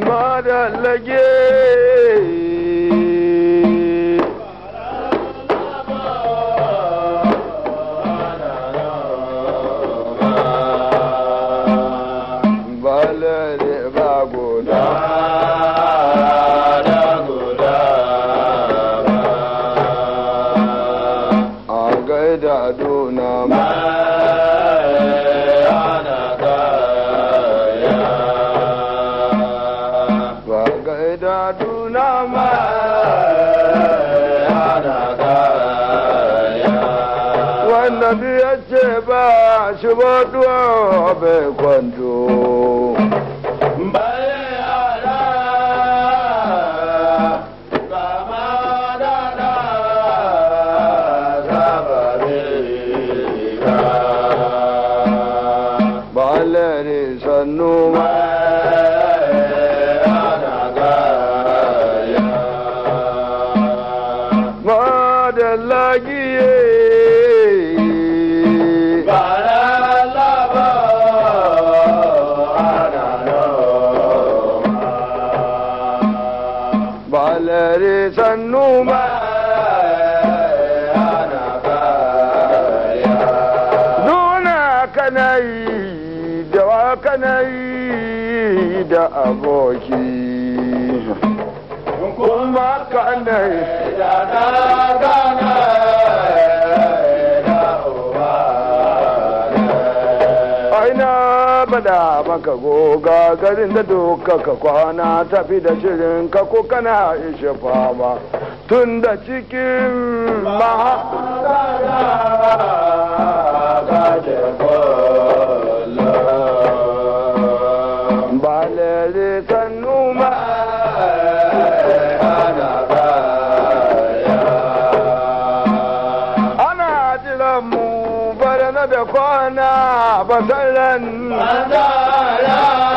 मार लॻे भल रे बाबू नामू of control. da aboki kuma ka da na gana bada maka goga garin da doka ka kwana tafi da shirin ka ko kana ishe fama tun da cikin maha Bana Bandaran Bandaran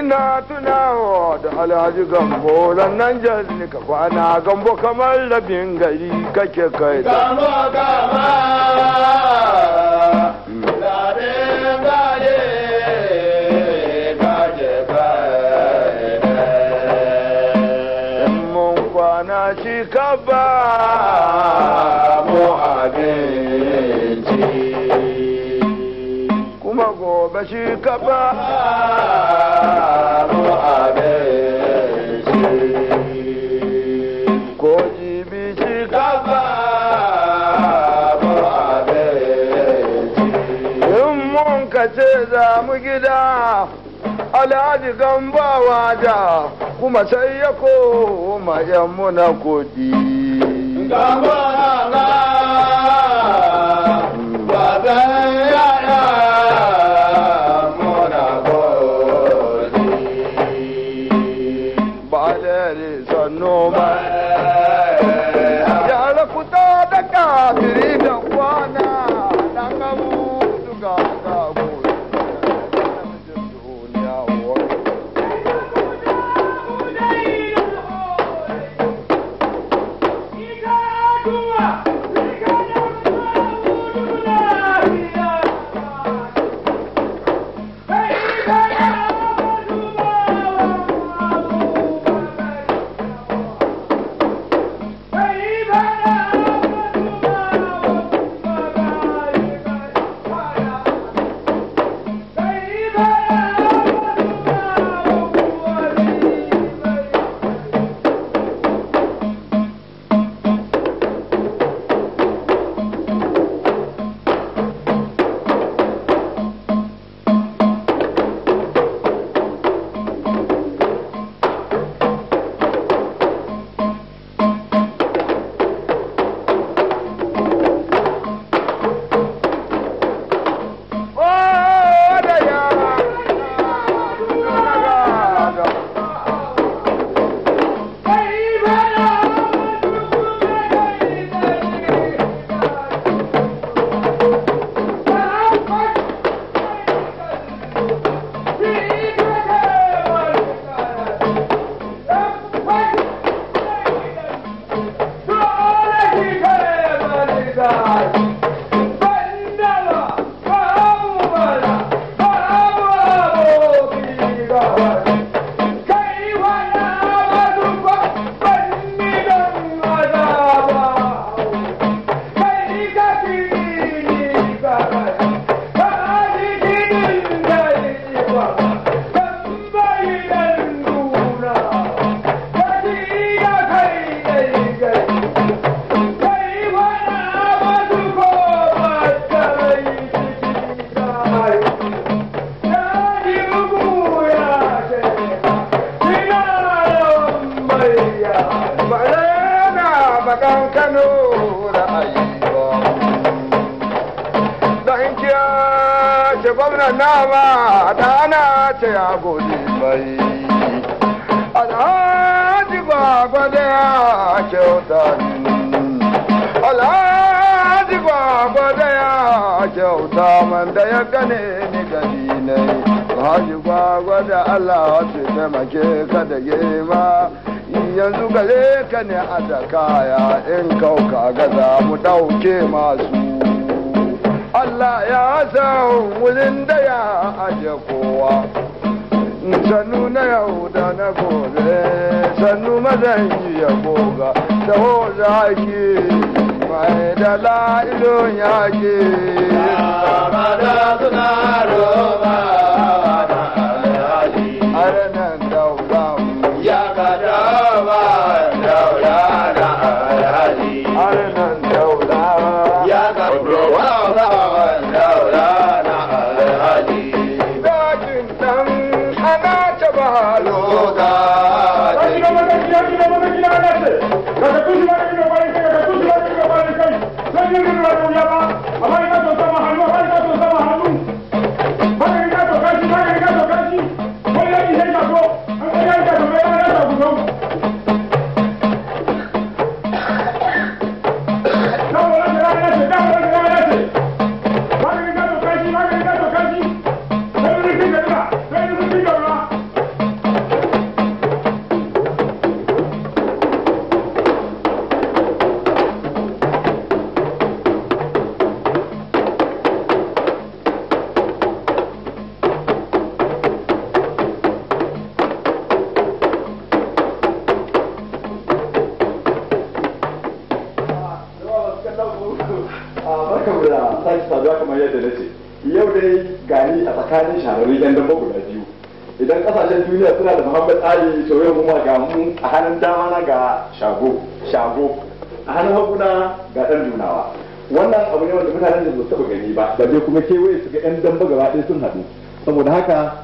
ina tunawa da alhaji gambo nan ni ka kwana gambo kamar labin gari kake kai da gama labin mun kwana ka ba ba shi ko jibi shi ka ba mu mun ka ce za mu gida alhaji gambawa da kuma sai ya koma yan muna kudi that is There is a normal. man. mana nama dana ce a gode bai alhaji baba da ya kyauta alhaji baba da ya kyauta man da ya gane ni gari ne alhaji baba da allah ce taimake ka da gema yanzu gare ka ne a da kaya in kauka gaza mu dauke masu Allah ya san wurin da ya aje kowa sannu na yau da na gobe sannu mazan yi ya goga da ho zaki mai da ya ake. Katakuzi, katakuzi, katakuzi, katakuzi, katakuzi, katakuzi, katakuzi, katakuzi, katakuzi, katakuzi, dai gani a tsakanin shahararri ɗan dabba guda biyu idan ƙasashen duniya suna da muhammad ali soyayya kuma ga mu a hannun dama na ga shago shago a hannun hagu na ga ɗan junawa wannan abu ne wanda mutanen da su taɓa gani ba balle kuma kewaye su ga yan dabba gaba ɗaya sun haɗu saboda haka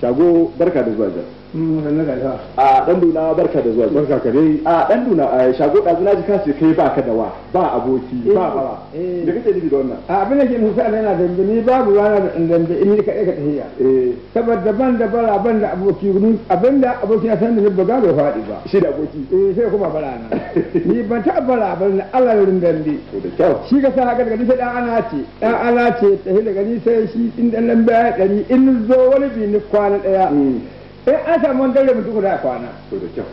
shago barka da zuwa jar a dan duna barka da zuwa barka ka dai a dan duna a shago ɗazu na ji ka ce kai baka da wa ba aboki ba eh, ba da eh. kake nufi da wannan a abin da ke nufi ana dambe ni babu rana da dambe in ni ka ka tafiya eh. saboda daban da bara ban da aboki ni abin da aboki na san da buga bai faɗi ba shi da aboki eh sai kuma bala na ni ban ta bala ban na Allah ya rindan ni shi ka sa haka daga nisa dan ana ce dan ana ce tafi daga nisa shi in dan nan baya dari in zo wani bi ni kwana daya hmm. sai an samu wani daure mutum guda kwana to da kyau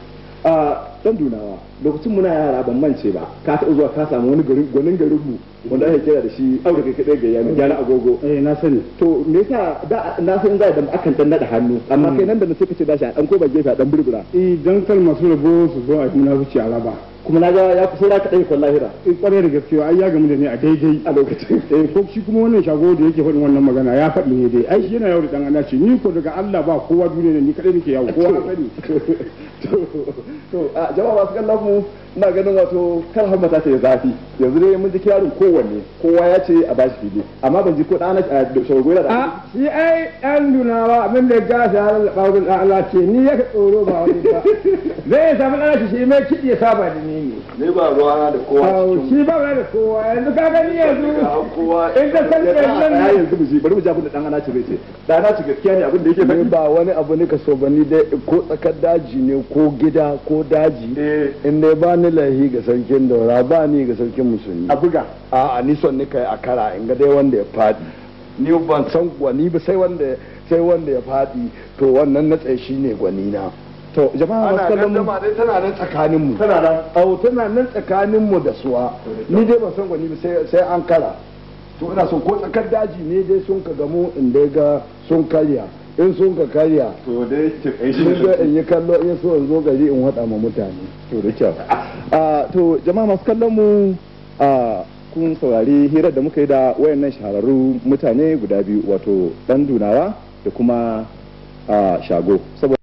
a dan dunawa lokacin muna yara ban mance ba ka ta zuwa ka samu wani garin gwanin garin mu wanda ake kira da shi aure kai kadai ga yana gyara agogo eh na sani to me yasa da na san za da akan tanna da hannu amma kai hmm. nan da na sai kace da shi a dan ko ba gefe dan burbura eh dan kalmar su rabo su zo a juna zuciya ba kuma na ga ya kusa saura kaɗai kwan lahira. in eh, kwarai da gaske ai ya gamu da ne a daidai a lokacin eh ko shi kuma wannan shago da yake faɗin wannan magana ya faɗi ne dai ai yana yawo da dan ana ce ni ko daga Allah ba kowa duniya ne ni kaɗai nake yawo kowa sani to to jama'a masu kallon mu ina ganin wato kar hamma ta ce zafi yanzu dai mun ji kirarin kowanne kowa ya ce a bashi fili amma ban ji ko ɗana shagogora da a shi ai ɗan dunawa abin da ga shi har ɓaurin ɗan Allah ce ni ya tsoro ba wani ba zai samu ɗan shi mai kiɗi ya saba da ni ne ni ba da kowa shi ba da kowa yanzu ka ka san yanzu ne yanzu mu ji bari mu da Allah ce ce ce gaskiya ne abin da yake ba wani abu ne ka so ba ni dai ko tsakar daji ne ko gida ko daji eh. in dai ba wani laihi ga sarkin daura ba ni ga sarkin musulmi a buga a a ni son ni kai a kara in ga dai wanda ya fadi ni ban san gwani ba sai wanda sai wanda ya fadi to wannan na tsaye shine gwani na to jama'a masu kallon dai tana nan tsakanin mu tana nan au tana nan tsakanin mu da suwa ni dai ban san gwani ba sai sai an kara to ina son ko tsakar daji ne dai sun ka gamo in dai ga sun karya in sun ka karya to da yake in yi kallo in so in zo gari in hada ma mutane to da kyau a ah, ah, to jama'a masu kallon mu a ah, kun saurari hirar da muka yi da wayannan shahararru mutane guda biyu wato dan dunawa da kuma a shago saboda